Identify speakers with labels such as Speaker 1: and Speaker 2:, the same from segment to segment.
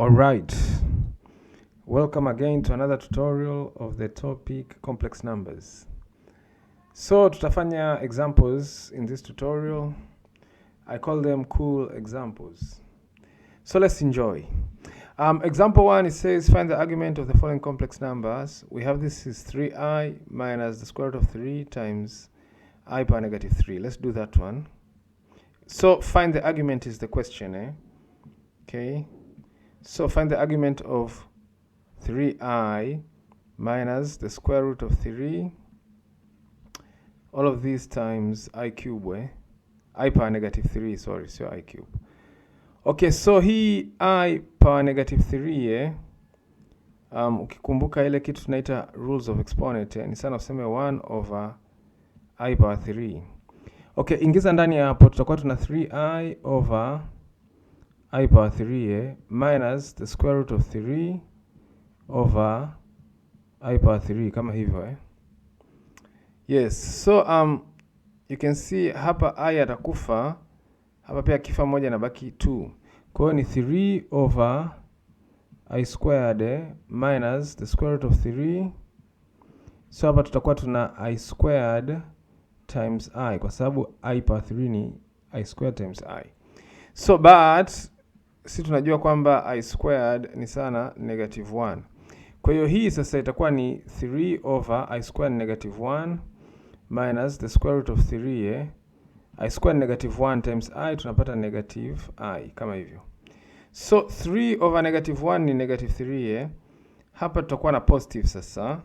Speaker 1: Alright, welcome again to another tutorial of the topic complex numbers. So tutafanya examples in this tutorial. I call them cool examples. So let's enjoy. Um, example one, it says find the argument of the following complex numbers. We have this is 3i minus the square root of 3 times i power negative 3. Let's do that one. So find the argument is the question, eh? Okay. So find the argument of 3i minus the square root of 3 all of these times i cube eh? i power negative 3 sorry sio i cube okay so hii i power negative 3 eh? um, ukikumbuka ile kitu tunaita rules of exponent eh? ni sana useme 1 over i power 3 okay ingiza ndani ya hapo tutakuwa tuna 3i over i power 3a minus the square root of 3 over i power 3 kama hivyo eh? Yes, so um, you can see hapa i atakufa hapa pia kifa moja na baki 2, kwa hiyo ni 3 over i squared eh, minus the square root of 3 so hapa tutakuwa tuna i squared times i kwa sababu i power 3 ni i squared times i so but si tunajua kwamba i squared ni sana negative 1. Kwa hiyo hii sasa itakuwa ni 3 over i squared negative 1 minus the square root of 3 eh? i squared negative 1 times i tunapata negative i kama hivyo. So 3 over negative 1 ni negative 3 eh? Hapa tutakuwa na positive sasa,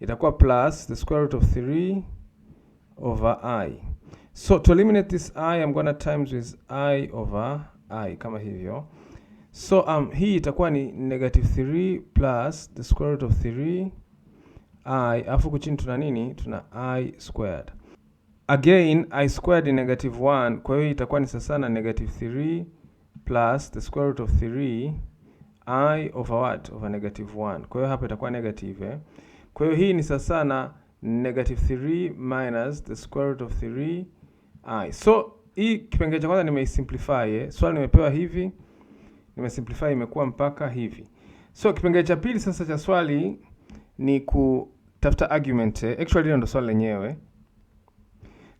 Speaker 1: itakuwa plus the square root of 3 over i. So to eliminate this i I'm gonna times with i over i kama hivyo. So um, hii itakuwa ni negative 3 plus the square root of 3 i, afu kuchini tuna nini? Tuna i squared. Again i squared ni negative 1, kwa hiyo itakuwa ni sasa na negative 3 plus the square root of 3 i over what? Over negative 1. Kwa hiyo hapa itakuwa negative eh? Kwa hiyo hii ni sasa na negative 3 minus the square root of 3 i. So hii kipengele cha kwanza nimeisimplify eh? Swali nimepewa hivi nimesimplify imekuwa mpaka hivi. So kipengele cha pili sasa cha swali ni kutafuta argument. Actually hilo ndo swali lenyewe.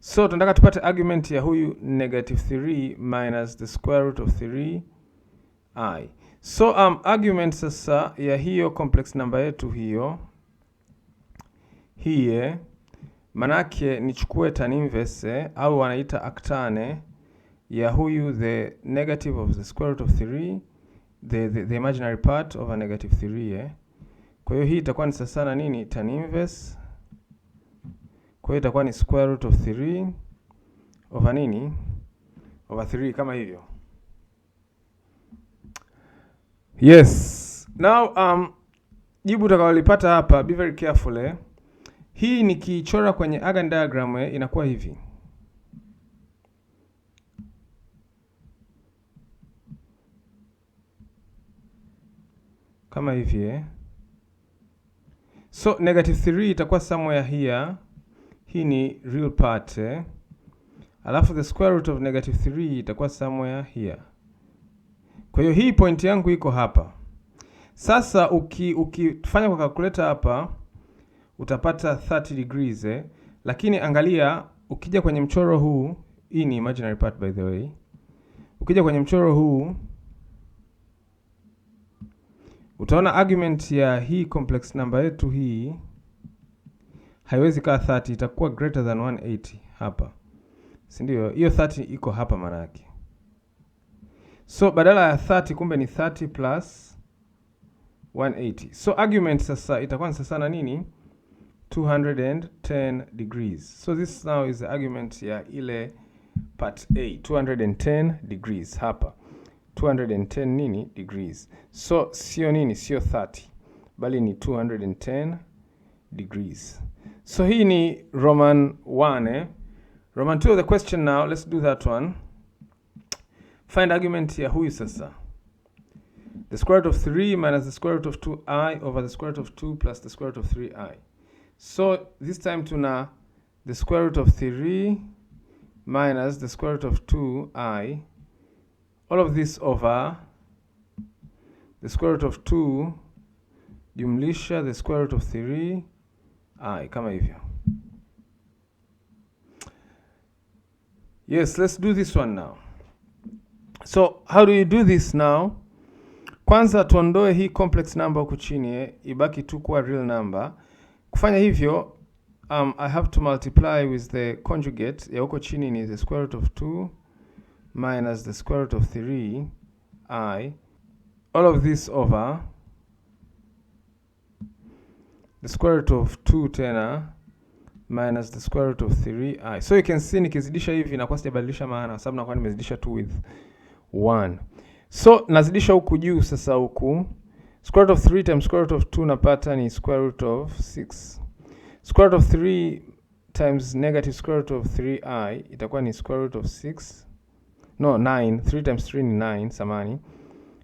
Speaker 1: So tunataka tupate argument ya huyu negative 3 minus the square root of 3 i. So um, argument sasa ya hiyo complex number yetu hiyo hiye, manake nichukue tan inverse au wanaita actane ya huyu the negative of the square root of 3 the, the, the imaginary part of a negative 3 eh. Kwa hiyo hii itakuwa ni sasa na nini tan inverse, kwa hiyo itakuwa ni square root of 3 over nini over 3 kama hivyo. Yes, now um, jibu utakalolipata hapa, be very careful eh. Hii nikiichora kwenye Argand diagram eh, inakuwa hivi kama hivi eh. So negative 3 itakuwa somewhere here. Hii ni real part eh. Alafu the square root of negative 3 itakuwa somewhere here. Kwa hiyo hii point yangu iko hapa. Sasa ukifanya kwa calculator hapa utapata 30 degrees eh. Lakini angalia ukija kwenye mchoro huu, hii ni imaginary part by the way. Ukija kwenye mchoro huu utaona argument ya hii complex number yetu hii haiwezi kaa 30, itakuwa greater than 180 hapa, si ndio? Hiyo 30 iko hapa maana yake, so badala ya 30 kumbe ni 30 plus 180. So argument sasa itakuwa ni sasa na nini 210 degrees. So this now is the argument ya ile part A 210 degrees hapa 210 nini degrees. So sio nini, sio 30 bali ni 210 degrees. So hii ni Roman 1 eh? Roman 2 the question now, let's do that one. Find argument ya huyu sasa. The square root of 3 minus the square root of 2i over the square root of 2 plus the square root of 3i. So this time tuna the square root of 3 minus the square root of 2i all of this over the square root of 2 jumlisha the square root of 3 ah, kama hivyo. Yes, let's do this one now. So how do you do this now? Kwanza tuondoe hii complex number huku chini, eh, ibaki tu kuwa real number. Kufanya hivyo um, I have to multiply with the conjugate ya huko chini ni the square root of 2 minus the square root of 3i, all of this over the square root of 2 tena minus the square root of 3i. So you can see nikizidisha hivi inakuwa sijabadilisha maana, sababu nakuwa nimezidisha 2 with 1. So nazidisha huku juu sasa, huku square root of 3 times square root of 2 napata ni square root of 6. Square root of 3 times negative square root of 3i itakuwa ni square root of 6 no 9 3 times 3 ni 9 samani,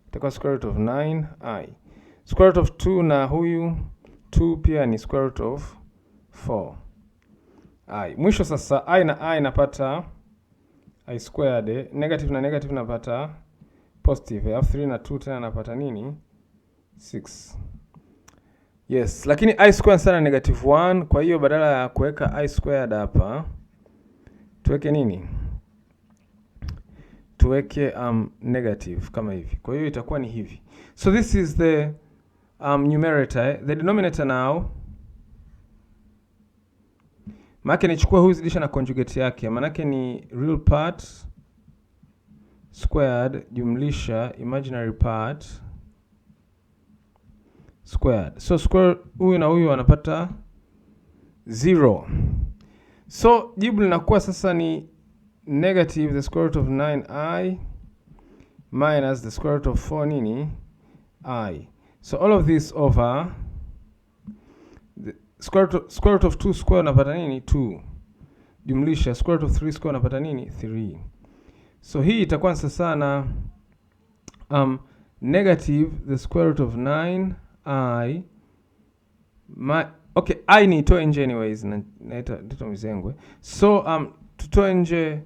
Speaker 1: itakuwa square root of 9 i square root of 2 na huyu 2 pia ni square root of 4 i. Mwisho sasa i na i napata i squared, negative na negative napata positive, alafu 3 na 2 tena napata nini 6. Yes, lakini i squared sana negative 1, kwa hiyo badala ya kuweka i squared hapa tuweke nini tuweke um, negative kama hivi. Kwa hiyo itakuwa ni hivi. So this is the um, numerator. The denominator now maanake nichukua huyu zidisha na conjugate yake, maanake ni real part squared jumlisha imaginary part squared. So square huyu na huyu wanapata zero. So jibu linakuwa sasa ni negative the square root of 9i minus the square root of 4 nini i. So all of this over the square root, square root of 2 square unapata nini 2 jumlisha square root of 3 square unapata nini 3. So hii itakuwa sana um, negative the square root of 9i my, okay i ni itoe nje anyways na, na mizengwe so um, tutoe nje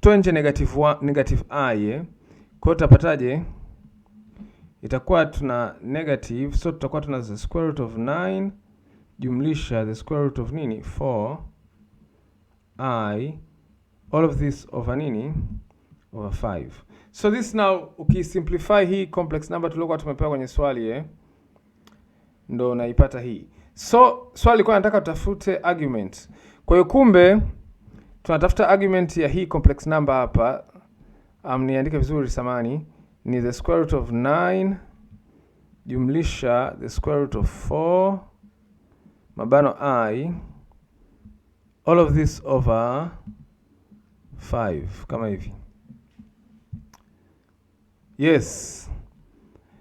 Speaker 1: Tutoe nje negative wa, negative i ye. Eh? Kwa utapataje? tutapataje? Itakuwa tuna negative, so tutakuwa tuna the square root of 9 jumlisha the square root of nini 4 i all of this over nini over 5. So this now ukisimplify hii complex number tuliokuwa tumepewa kwenye swali ye, eh, ndo unaipata hii. So swali kwa nataka tutafute argument. Kwa hiyo kumbe tunatafuta argument ya hii complex number hapa. Um, niandike vizuri samani, ni the square root of 9 jumlisha the square root of 4 mabano i all of this over 5 kama hivi. Yes,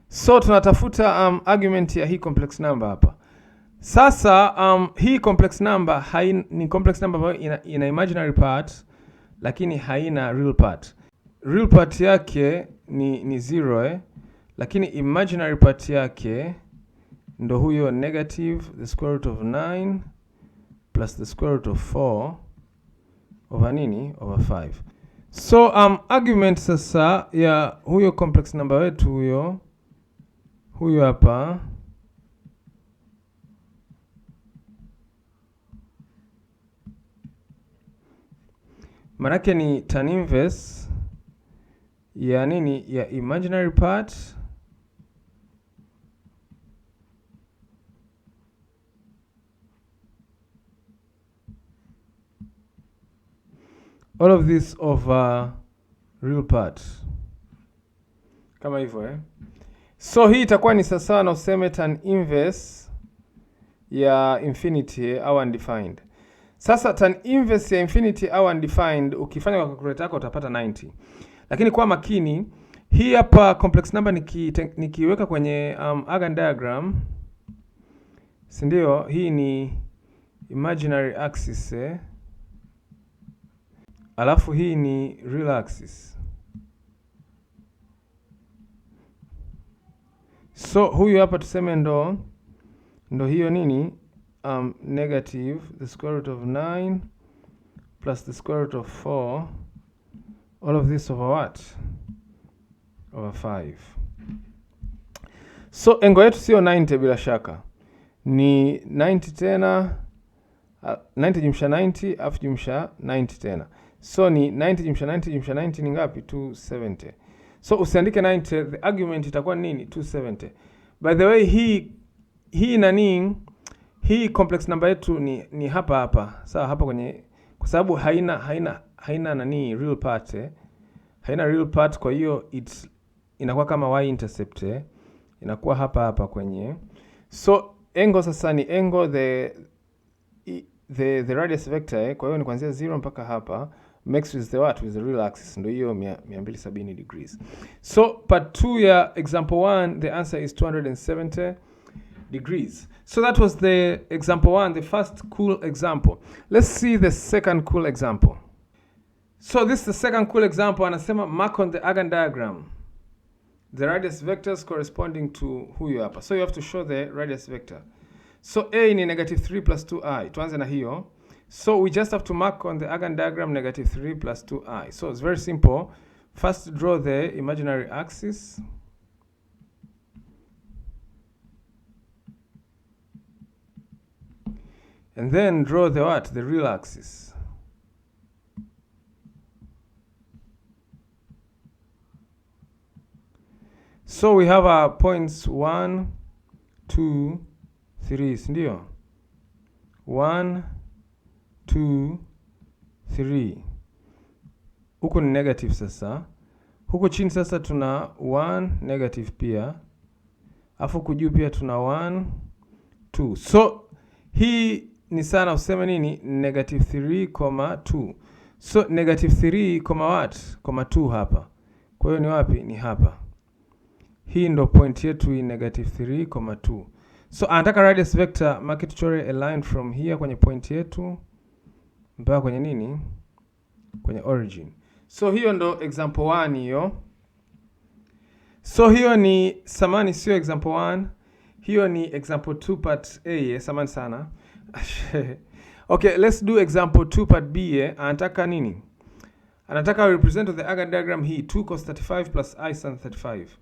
Speaker 1: so tunatafuta um, argument ya hii complex number hapa. Sasa um, hii complex number hai, ni complex number ambayo ina, ina imaginary part lakini haina real part. Real part yake ni ni zero eh? Lakini imaginary part yake ndo huyo negative the square root of 9 plus the square root of 4 over nini over 5. So um, argument sasa ya huyo complex number wetu huyo huyo hapa Manake ni tan inverse ya nini? Ya imaginary part all of this over uh, real part, kama hivyo eh? So hii itakuwa ni sawa na useme tan inverse ya infinity eh, au undefined sasa tan inverse ya infinity au undefined ukifanya kwa calculator yako utapata 90. Lakini kwa makini hii hapa complex number niki, nikiweka kwenye um, Argand diagram si ndio? Hii ni imaginary axis eh? Alafu hii ni real axis. So huyu hapa tuseme ndo ndo hiyo nini um, negative the square root of 9 plus the square root of 4 all of this over what over 5 so engo yetu sio 90 bila shaka ni 90 tena uh, 90 jumsha 90 afu jumsha 90 tena so ni 90 jumsha 90 jumsha 90 ni ngapi 270 so usiandike 90 the argument itakuwa nini 270 by the way hii hii nani hii complex number yetu ni, ni hapa hapa sawa, hapa kwenye, kwa sababu haina haina haina nani real part eh? haina real part, kwa hiyo it's inakuwa kama y intercept eh? inakuwa hapa hapa kwenye, so angle sasa ni angle the the the radius vector eh? kwa hiyo ni kuanzia 0 mpaka hapa max is the what with the real axis, ndio hiyo 270 degrees. So part 2 ya example 1 the answer is 270 degrees. So that was the example one, the first cool example. Let's see the second cool example. So this is the second cool example, and I say mark on the Argand diagram the radius vectors corresponding to who you are. So you have to show the radius vector. So a in 3 plus 2i. Tuanze na hiyo. So we just have to mark on the Argand diagram negative 3 plus 2i. So it's very simple. First draw the imaginary axis. and then draw the what the real axis so we have our points one two three sindio one two three huku ni negative sasa huku chini sasa tuna one negative pia afu kujuu pia tuna one two so hii ni sana useme nini negative 3,2 so negative 3, what? 2 hapa. Kwa hiyo ni wapi? Ni hapa. Hii ndo point yetu hii negative 3,2. So anataka radius vector make chore a line from here kwenye point yetu mpaka kwenye nini? Kwenye origin. So hiyo ndo example 1 hiyo. So hiyo ni samani, sio example 1. Hiyo ni example 2 part A, samani sana. Okay, let's do example 2 part B eh? Anataka nini? Anataka represent the Argand diagram hii 2 cos 35 plus i sin 35.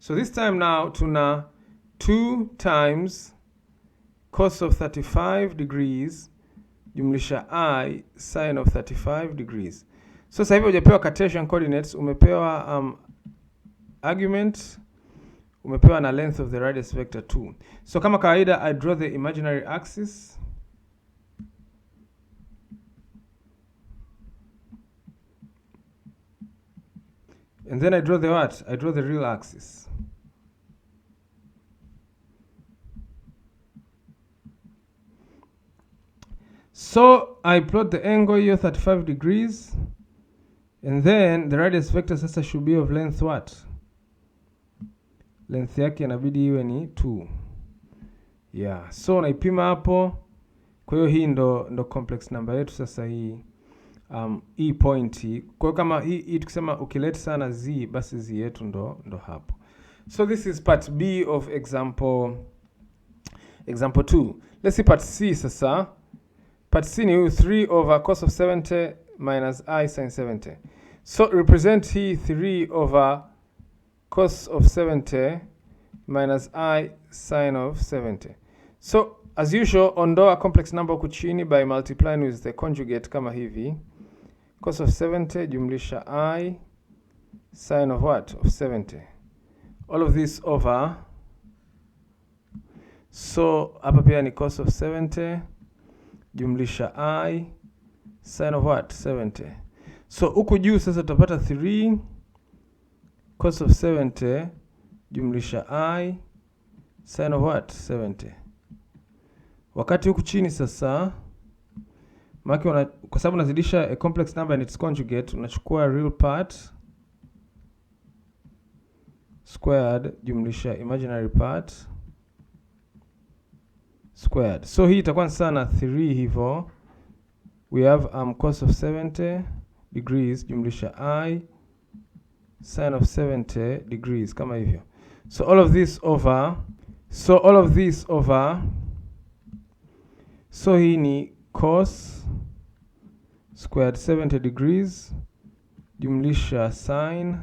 Speaker 1: So this time now tuna 2 times cos of 35 degrees jumlisha i sin of 35 degrees. So sasa hivi hujapewa Cartesian coordinates, umepewa um, argument umepewa na length of the radius vector 2. So kama kawaida I draw the imaginary axis And then I draw the what? I draw the real axis. So I plot the angle here 35 degrees and then the radius vector sasa should be of length what? Length yake inabidi iwe ni 2. Yeah, so naipima hapo. Kwa hiyo hii ndo, ndo complex number yetu sasa hii um, hii e pointi. Kwa kama hii, e, hii e tukisema ukileti sana z basi z yetu ndo, ndo hapo. So this is part B of example example 2. Let's see part C sasa. Part C ni 3 over cos of 70 minus i sin 70. So represent hii 3 over cos of 70 minus i sin of 70. So as usual, ondoa complex number huku chini by multiplying with the conjugate kama hivi cos of 70 jumlisha i sin of what of 70 all of this over so hapa pia ni cos of 70 jumlisha i sin of what 70 so huku juu sasa tutapata 3 cos of 70 jumlisha i sin of what 70 wakati huku chini sasa maana kwa sababu unazidisha a eh, complex number and its conjugate, unachukua real part squared jumlisha imaginary part squared. So hii itakuwa sana 3 hivyo, we have um, cos of 70 degrees jumlisha i sin of 70 degrees kama hivyo. So all of this over so all of this over so hii ni cos squared 70 degrees jumlisha sin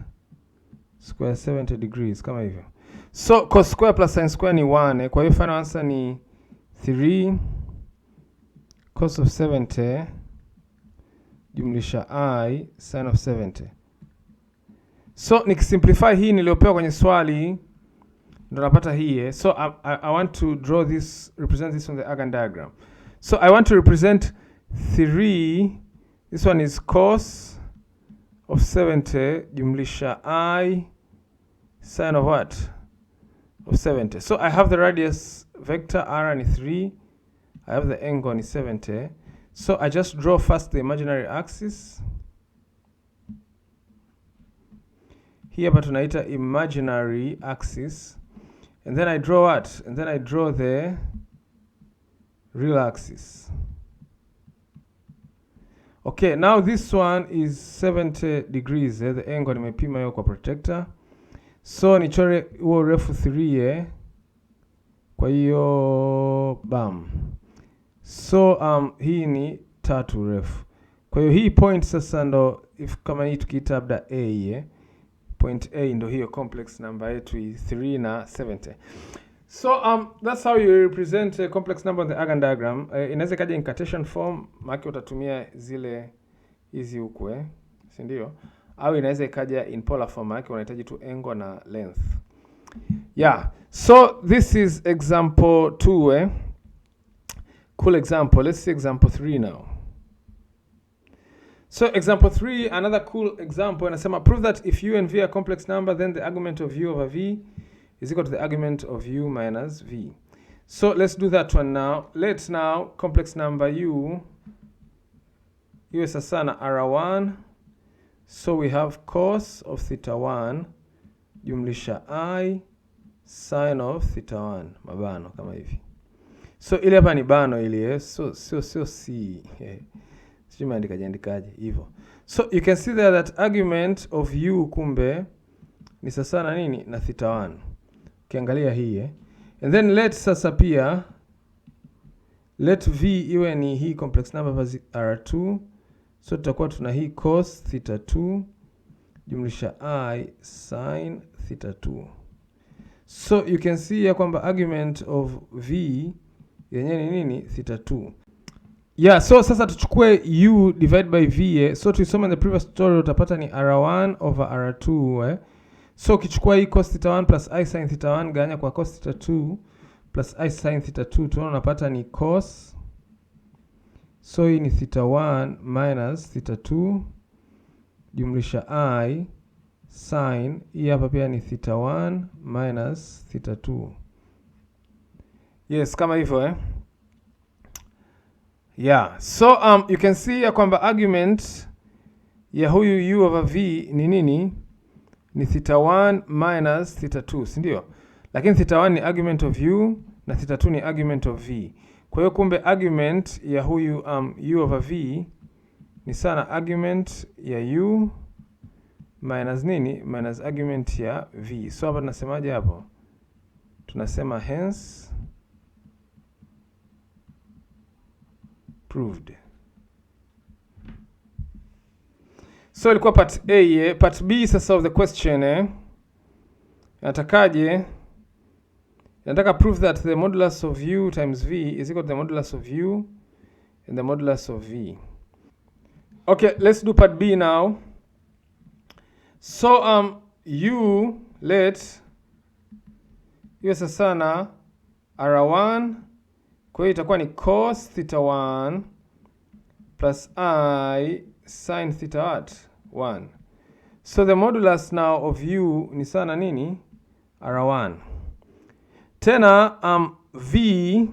Speaker 1: square 70 degrees kama hivyo. So cos square plus sin square ni 1, kwa hiyo final answer ni 3 cos of 70 jumlisha i sin of 70. So nikisimplify hii niliyopewa kwenye swali ndo napata hii. Eh. So I, I, I want to draw this represent this on the Argand diagram. So I want to represent 3. This one is cos of 70 jumlisha i sine of what? Of 70. So I have the radius vector r and 3. I have the angle is 70. So I just draw first the imaginary axis. Here but tunaita imaginary axis. And then I draw what? And then I draw the relaxes. Okay, now this one is 70 degrees eh, the angle nimepima hiyo kwa protector. So nichore huo urefu 3 eh. Kwa hiyo bam. So um, hii ni tatu urefu. Kwa hiyo hii point sasa ndo if kama hii tukiita labda A eh. Point A ndo hiyo complex number yetu 3 na 70. So um, that's how you represent a uh, complex number on the Argand diagram. Uh, inaweza ikaja cartesian form, maki utatumia zile hizi ukwe eh, sindio Au inaweza ikaja in polar form, maki unahitaji tu engo na length. Yeah. So this is example 2 eh. Cool example. Let's see example 3 now. So example three another cool example, inasema prove that if u and v are complex number then the argument of u over v is equal to the argument of u minus v. So let's do that one now. Let's now complex number u, u is a sana r1. So we have cos of theta 1 jumlisha i sin of theta 1 mabano kama hivi. So ile hapa ni bano ile, eh? so sio sio si eh? sijui maandika jandikaje hivyo. So you can see there that argument of u kumbe ni sasa na nini na theta 1. Ukiangalia hii eh. And then let sasa pia let v iwe ni hii complex number basi r2, so tutakuwa tuna hii cos theta 2 jumlisha i sin theta 2. So you can see ya kwamba argument of v yenyewe ni nini? Theta 2. Yeah, so sasa tuchukue u divide by v eh. So tulisoma in the previous tutorial utapata ni r1 over r2 eh. So ukichukua hii cos theta 1 plus i sin theta 1 ganya kwa cos theta 2 plus i sin theta 2, tunaona unapata ni cos. So hii ni theta 1 minus theta 2 jumlisha i sin. Hii hapa pia ni theta 1 minus theta 2. Yes, kama hivyo eh? Yeah. So um, you can see ya kwamba argument ya huyu u over v ni nini? ni theta 1 minus theta 2, si ndio? Lakini theta 1 ni argument of u na theta 2 ni argument of v. Kwa hiyo kumbe argument ya huyu um, u over v ni sana argument ya u minus nini? Minus argument ya v. So hapa tunasemaje hapo? Tunasema hence proved. So ilikuwa part A eh? Part B sasa of the question eh? Natakaje? Nataka prove that the modulus of u times v is equal to the modulus of u and the modulus of v. Okay, let's do part B now. So um u let iwe sasa na r1 kwa hiyo itakuwa ni cos theta 1 plus i sine theta at 1. So the modulus now of u ni sana nini? R1. Tena um, v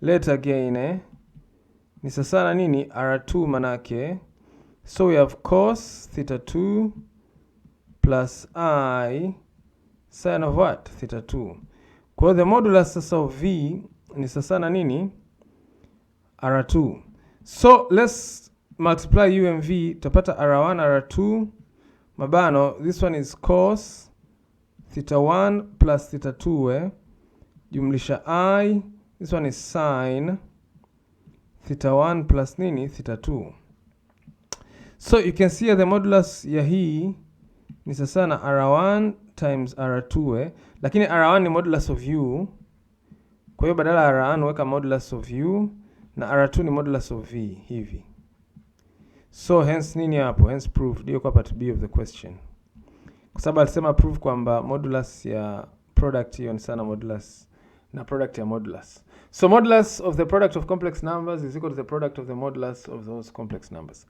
Speaker 1: let again eh? ni sasana nini? R2 manake. So we have cos theta 2 plus i sine of what? Theta 2. Kwa the modulus sasa of v ni sasana nini? R2. So let's multiply umv tutapata r1 r2 mabano this one is cos theta 1 plus theta 2 eh? jumlisha i this one is sin theta 1 plus nini theta 2 so you can see the modulus ya hii ni sasa na r1 times r2 eh? lakini r1 ni modulus of u kwa hiyo badala ya r1 weka modulus of u na r2 ni modulus of v hivi So hence nini hapo? Hence proof ndio kwa part B of the question, kwa sababu alisema proof kwamba modulus ya product hiyo ni sana modulus na product ya modulus. So modulus of the product of complex numbers is equal to the product of the modulus of those complex numbers.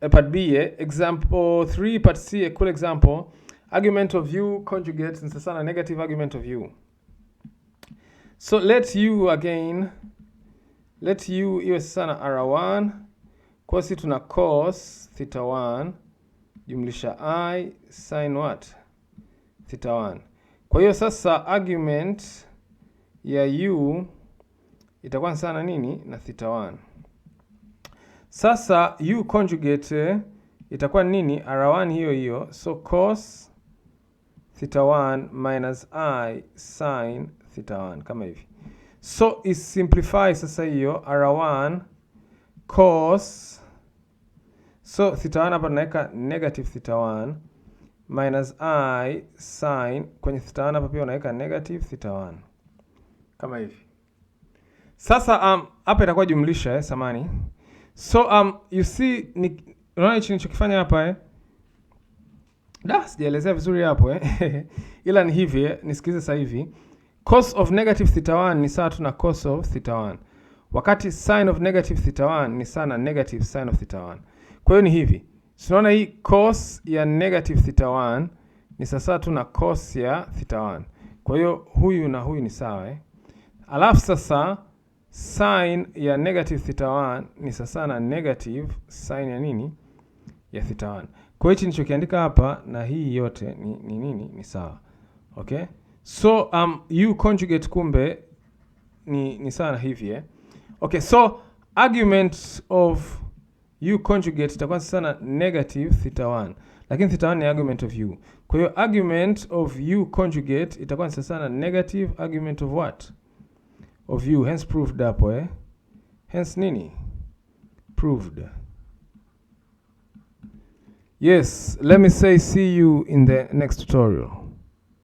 Speaker 1: Eh, part B, eh? Example 3, part C, a cool example. Argument of u conjugate is a negative argument of u. So let u again, let u iwe sana R1 Kwa si tuna cos theta 1 jumlisha i sin what theta 1. Kwa hiyo sasa argument ya u itakuwa sana nini na theta 1. Sasa u conjugate itakuwa nini? R1 hiyo hiyo, so cos theta 1 minus i sin theta 1 kama hivi, so isimplify sasa hiyo R1 cos So theta 1 hapa tunaweka negative theta 1 minus i sine, kwenye theta 1 hapa pia unaweka negative theta 1 kama hivi. Sasa um, hapa itakuwa jumlisha eh, samani. So um, you see ni unaona hichi nilichokifanya hapa eh? Da, sijaelezea vizuri hapo eh. Ila ni hivi eh, nisikize sasa hivi. Cos of negative theta 1 ni sawa tu na cos of theta 1. Wakati sin of negative theta 1 ni sawa na negative sin of theta 1. Kwa hiyo ni hivi, tunaona hii cos ya negative theta 1 ni sasa tu na cos ya theta 1. Kwa hiyo huyu na huyu ni sawa eh? Alafu sasa sin ya negative theta 1 ni sasa na negative sin ya nini ya theta 1. Kwa hiyo hichi nilichokiandika hapa na hii yote ni nini ni, ni, ni sawa. Okay? So um u conjugate kumbe ni ni sana hivi eh? Okay, so argument of u conjugate itakuwa sana negative theta 1, lakini theta 1 ni argument of u. Kwa hiyo argument of u conjugate itakuwa ni sana negative argument of what of u, hence proved hapo eh, hence nini proved. Yes, let me say see you in the next tutorial.